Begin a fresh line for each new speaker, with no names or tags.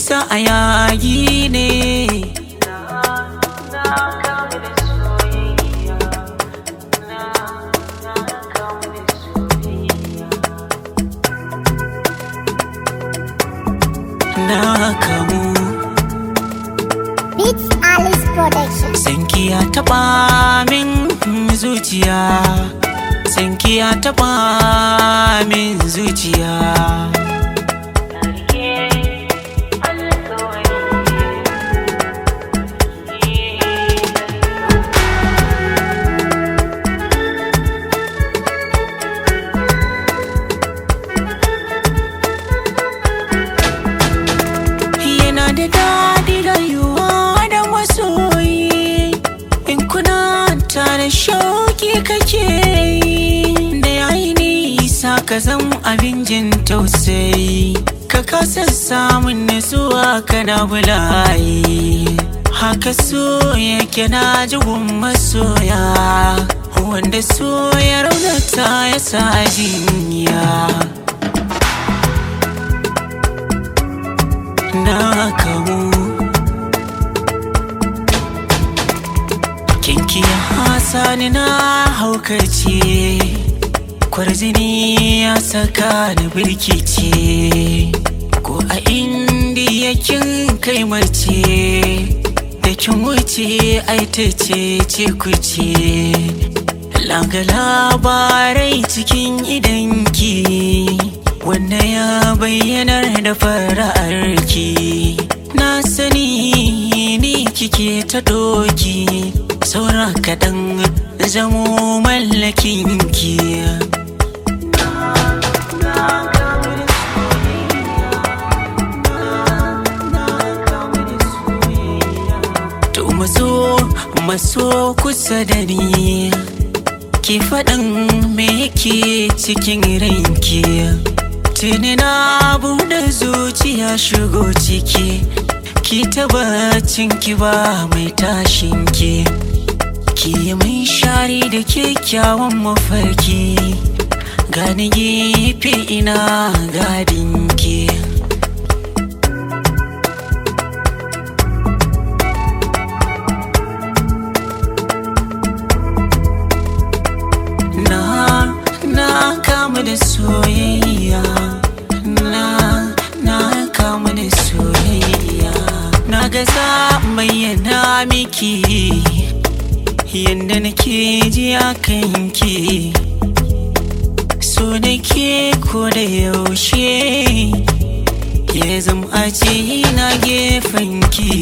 isa a ne na kamu Beats Alice Production Senki ya taba min zuciya Senki ya taba min zuciya daɗi rayuwa da masoyi in kuna tare shauki kake da yayi nisa ka zan abin jin tausayi ka kasa samun nutsuwa kana bulayi haka so yake na jigun masoya wanda so ya raunata ya sa jinya sani na haukace kwarjini ya saka da birkice ko a indiya kin kai mace da kin wuce aita ce ce kuce langa labarai cikin idanki wanda ya bayyanar da fara'arki na sani ni kike ta doki saura kaɗan zamo mallakin ki maso maso kusa da ni ki faɗin me yake cikin ranki tuni na buɗe zuciya shigo ciki ki taba cinki ba mai tashinki ki Ki mun shari da kyakkyawan mafarki gani gefe ina gadin ke na na kama da soyayya na na kama da soyayya na gaza bayyana miki yadda nake ji a kanki so da ko da yaushe ya zama a na gefen ki.